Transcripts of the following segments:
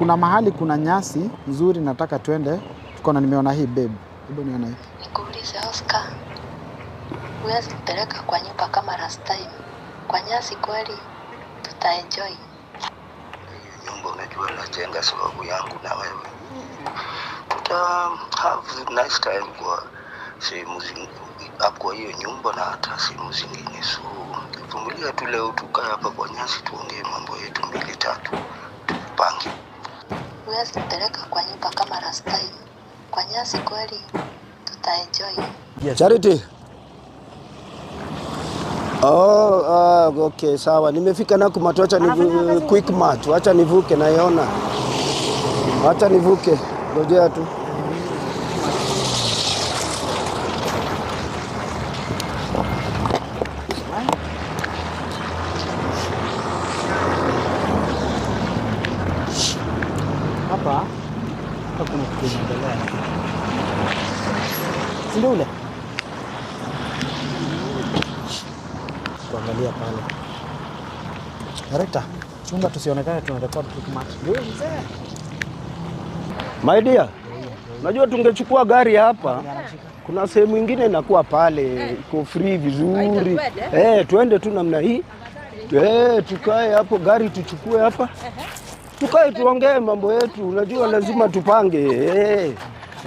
Kuna mahali kuna nyasi nzuri, nataka twende tukona. Nimeona hii babe, hebu niona hii. Nikuulize Oscar, huwezi kupeleka kwa nyumba kama last time? Kwa nyasi kweli tutaenjoy nyumba. Unajua najenga sababu yangu na wewe, tuta have a nice time kwa sehemu kwa hiyo nyumba na hata sehemu zingine. So vumilia tu, leo tukae hapa kwa nyasi, tuongee mambo yetu mbili tatu, tupange huwezi kupeleka kwa nyumba kama last time. Kwa nyasi kweli tutaenjoy. Yes. Charity. Oh, uh, okay, sawa. Nimefika na kumatu, wacha nivu, quick mat. Wacha nivuke naiona. Wacha nivuke. Ngojea tu. ndio ule tuangalia pale. Director, chunga tusionekane tuna record quick match. Ndio mzee. My dear, Unajua tungechukua gari hapa, kuna sehemu ingine inakuwa pale iko free vizuri. Eh, tuende tu namna hii eh, tukae hapo, gari tuchukue hapa, tukae tuongee mambo yetu. Unajua lazima tupange eh.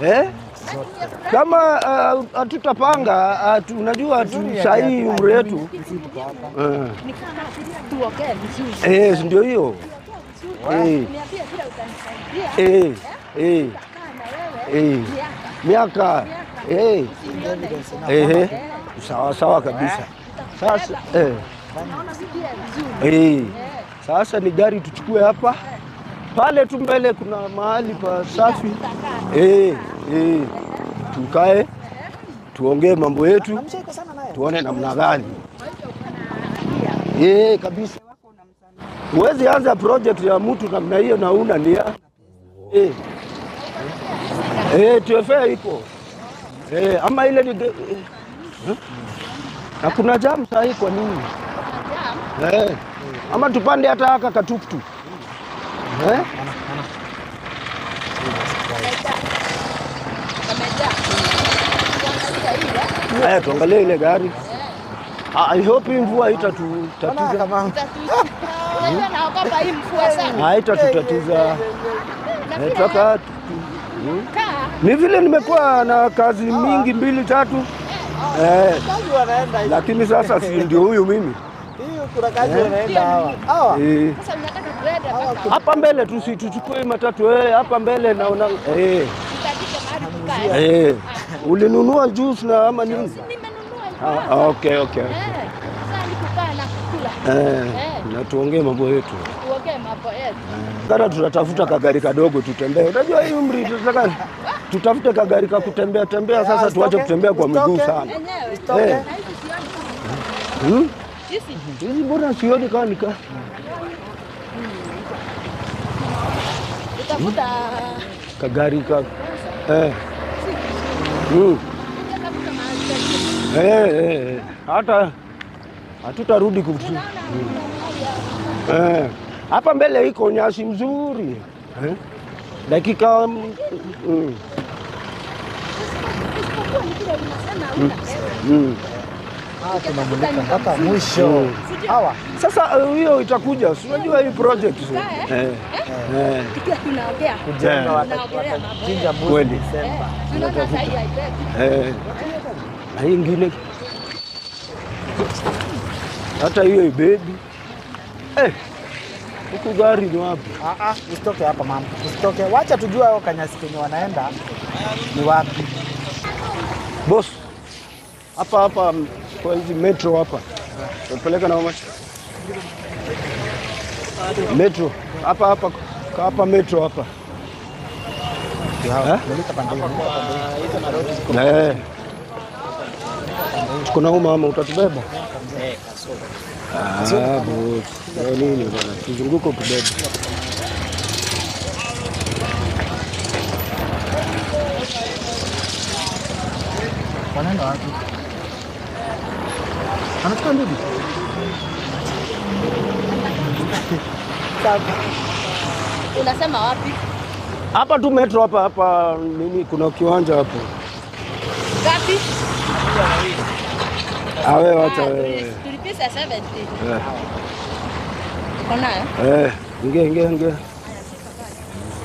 Eh? Kama uh, hatutapanga uh, unajua uh, sahii umri wetu eh. Eh, ndio hiyo eh. miaka sawa sawa kabisa. Sasa sasa ni gari tuchukue hapa pale tu mbele kuna mahali pa safi eh eh tukae tuongee mambo yetu, tuone namna gani eh, kabisa. Huwezi anza project ya mtu namna hiyo na una nia eh, eh, TFA iko eh, ama ile ni eh, na kuna jam sahi kwa nini eh, ama tupande hata haka katuktu eh Haya, tuangalie ile gari. Ah, I hope hii mvua haitatutatiza. Ah, haitatutatiza. Nataka hmm? ni vile nimekuwa na kazi ah. mingi mbili tatu eh, lakini sasa si ndio huyu mimi eh? eh. hapa mbele tusichukue matatu eh, hapa mbele naona eh. Ulinunua juice na ama nini? Ah, ah, okay, okay. Eh, sasa nikukaa na kukula. Eh, eh, na tuongee mambo yetu. Tuongee mambo yetu. Eh, Kana tutatafuta kagari kadogo tutembee. Unajua hii umri tutataka tutafute kagari ka kutembea tembea ah, sasa tuache kutembea kwa miguu sana. Eh. eh. Hmm? Sisi mbona sioni kama nika kagari ka eh Hmm. Eh, eh, eh. hata hatutarudi kutu hmm. hapa mbele iko nyasi mzuri eh? dakika mm. Hmm tunamulika mpaka mwisho hawa. Sasa eh, hiyo itakuja, si unajua hii project kweli, eh, eh. na hii ingine hata hiyo ibebi huku gari ni wapi? Ah, ah, usitoke hapa mama, usitoke, wacha tujua hao kanyasi kenye wanaenda ni wapi. Boss, hapa hapa kwa hizi metro hapa tunapeleka na mamasha metro hapa hapa hapa metro hapa eh? tuko na uma ama utatubeba ah, nini bana, tuzunguko kubeba wanaenda Anachukua ndugu unasema wapi? Hapa tu metro hapa hapa nini, kuna kiwanja hapo. Ngapi? Awe ah, wacha ah, wewe. Tulipesa 70. Eh. Eh, ingia ingia ingia.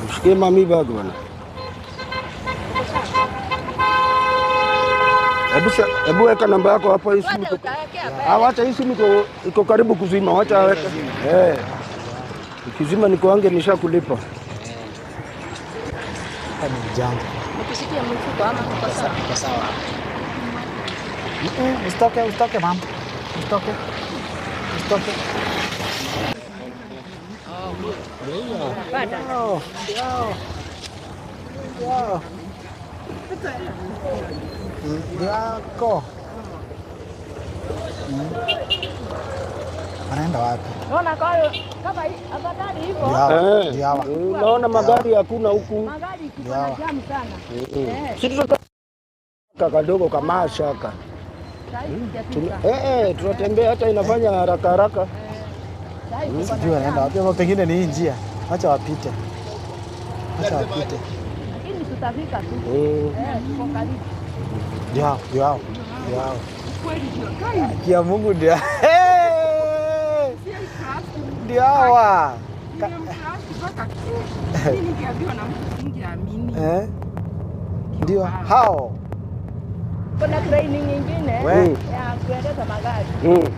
Mshikie mami bag bwana. Hebu weka namba yako hapo, hii simu acha, ah, hii simu iko karibu kuzima, wacha weka eh, ikizima niko wange nisha kulipa Usitoke, usitoke mama, usitoke, usitoke. Wow yako hmm. anaenda wapi? Naona kama hivyo. Eh. Hmm. Naona magari hakuna huku. Magari kuna jamu sana. Hmm. Eh. kadogo kama shaka. Eh, eh, tunatembea hata inafanya haraka haraka. Sijui anaenda wapi ama pengine ni hii njia. Acha wapite. Acha wapite. Lakini tutafika tu. Eh, tuko karibu. Joao, Joao, Joao. Kia Mungu ndio. Ndio hawa. Eh? Eh? Ndio hao. Kuna training nyingine ya kuendesha magari. Hmm.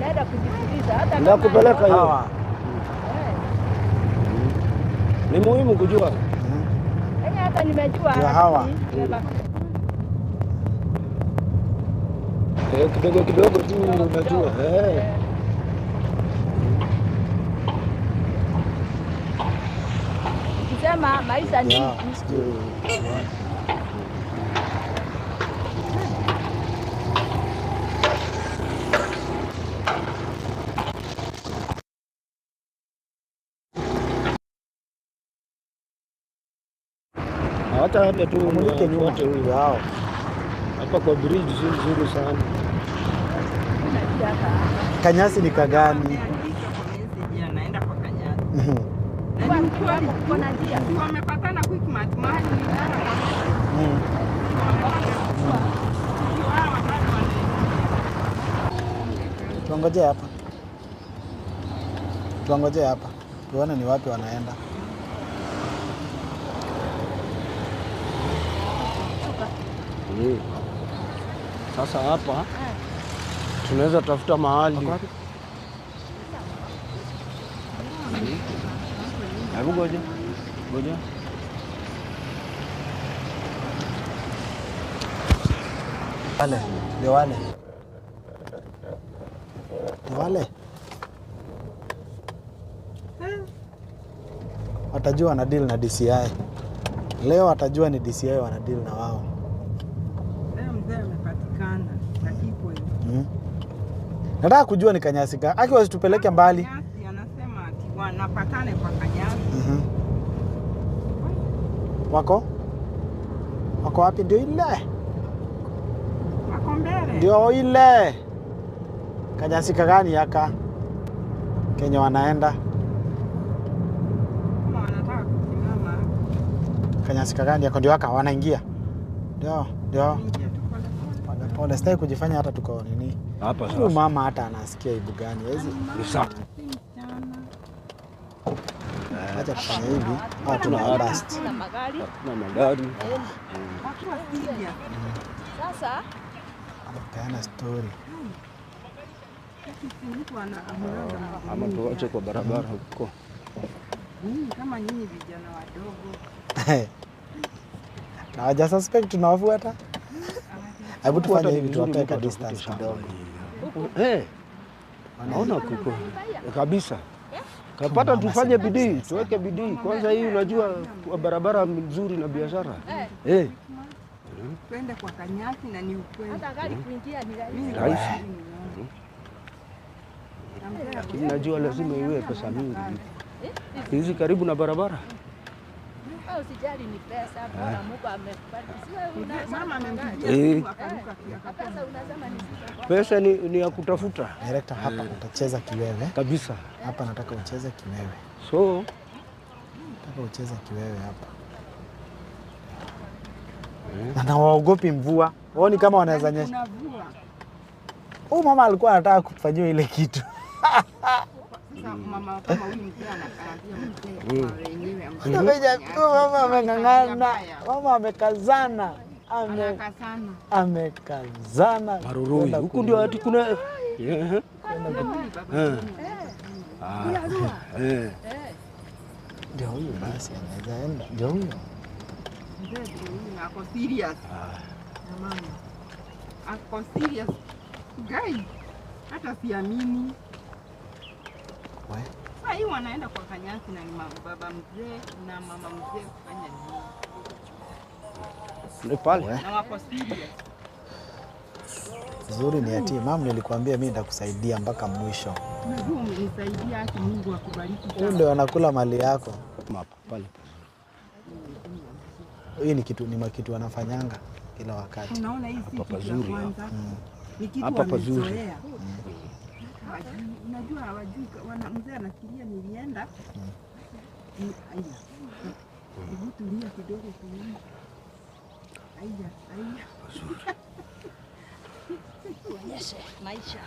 Naenda kujifunza hata na kupeleka hiyo. Hmm. Hmm. Ni muhimu kujua. Yaani hata nimejua hawa. Eh, kidogo kidogo tu unajua eh. Sema maisha ni msitu. Hata tu wote wao hapa kwa bridge nzuri nzuri sana. Kanyasi ni kagani? Mhm. Mhm. Tuangoje hapa, tuangoje hapa, tuone ni wapi wanaenda. Yeah. Mm. Sasa hapa ah. tunaweza tafuta mahali hebu goja goja wale ni wale ni wale watajua wana deal na DCI leo watajua ni DCI wana deal na wao Nataka kujua ni Kanyasi gani. Aki wasitupeleke mbali. Kanyasi anasema ati wanapatane kwa Kanyasi. Mhm. Wako? Wako wapi ndio ile? Wako mbele. Ndio ile. Kanyasi gani yaka? Kenya wanaenda. Kama wanataka kusimama. Kanyasi gani yako ndio aka wanaingia. Ndio, ndio pole pole, stai kujifanya hata tuko nini hapa sasa. Mama hata anasikia aibu gani? Hawezi. Eh, acha kufanya hivi, hatuna basi, hatuna magari sasa. Anapeana stori oh, ama tuache kwa barabara huko, kama nyinyi vijana wadogo na waja suspect tunawafuata Hebu tufanye hivi, tunateka distance kidogo. Eh, naona kuko kabisa kapata, tufanye bidii, tuweke bidii kwanza. Hii unajua barabara nzuri na biashara eh kwenda eh. kwa kanyati na ni ukweli, rahisi eh. lakini najua lazima iwe pesa mingi eh. hizi karibu na barabara Ah, usijali ni pesa, eh. Mungu amekubariki. Eh. Eh. Pesa ni, ni ya kutafuta. Director, hapa utacheza kiwewe kabisa. Hapa nataka ucheze kiwewe, so nataka ucheze kiwewe hapa na nawaogopi mvua, waoni kama wanaweza yaani nyesha. Huyu mama alikuwa anataka kufanyiwa ile kitu Mama ameng'ang'ana, mama amekazana, amekazana marurui huku ndio ati kuna ndio huyo basi, anaweza enda ndio huyo hata siamini sasa hii wanaenda kwa Kanyaki na baba mzee na mama mzee kufanya nini? Ndio pale. Na wako serious. Zuri ni ati mama, nilikwambia mimi nitakusaidia mpaka mwisho. Najua umenisaidia haki, Mungu akubariki. Huyu ndio anakula mali yako. Mapa, pale. Hii ni kitu ni makitu wanafanyanga kila wakati. Unaona hii si kitu ya kwanza. Mm. Ni kitu wamezoea. Mm unajua hawajui, mzee anafikiria nilienda Hebu tulia kidogo, tulia. Aija, aija. Tuonyeshe eh, maisha.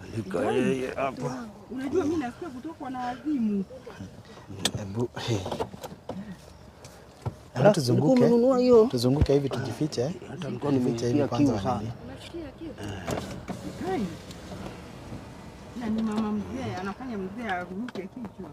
Talika Unajua mimi nasikia kutokwa na wazimu. Hebu tuzunguke. hivi tujifiche. Hata hivi kwanza na ni mama mzee anafanya mzee aguke kichwa.